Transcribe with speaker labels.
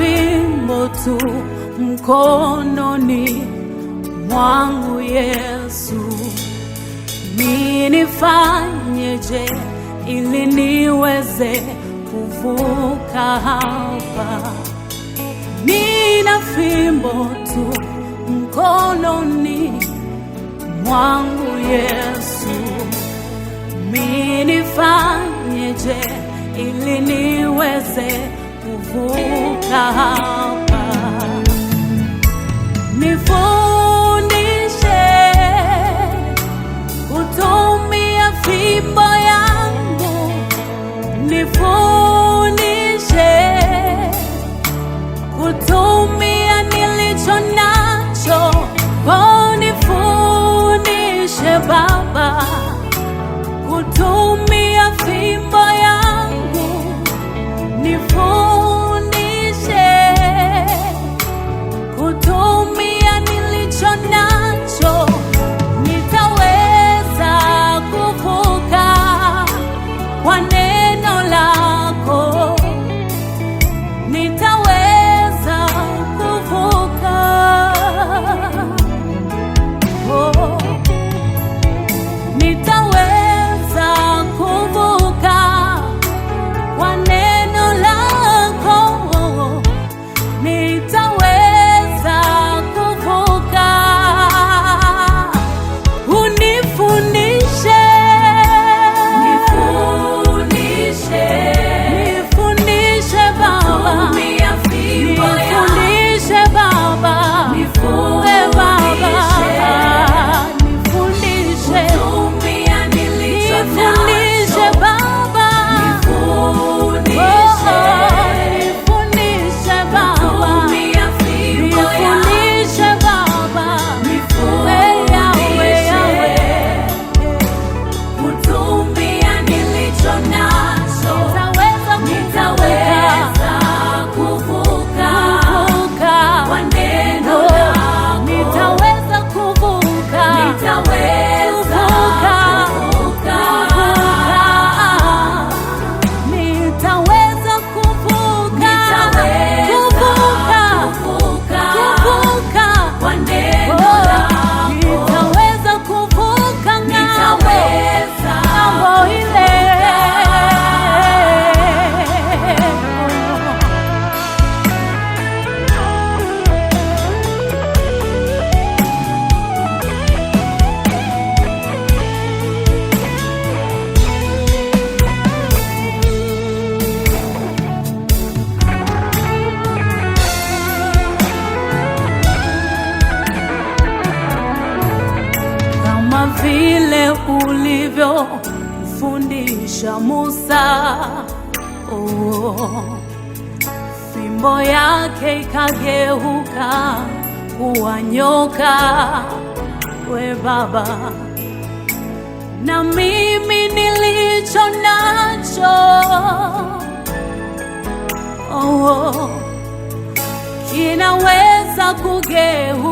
Speaker 1: fimbo tu mkononi mwangu Yesu, ninifanyeje ili niweze kuvuka hapa? Nina fimbo tu mkononi mwangu Yesu, minifanyeje ili niweze eu vou pra alma. Me vou vile ulivyomfundisha Musa. Oh, fimbo yake ikageuka kuwa nyoka. We Baba, na mimi nilicho nacho oh, kinaweza kugeuka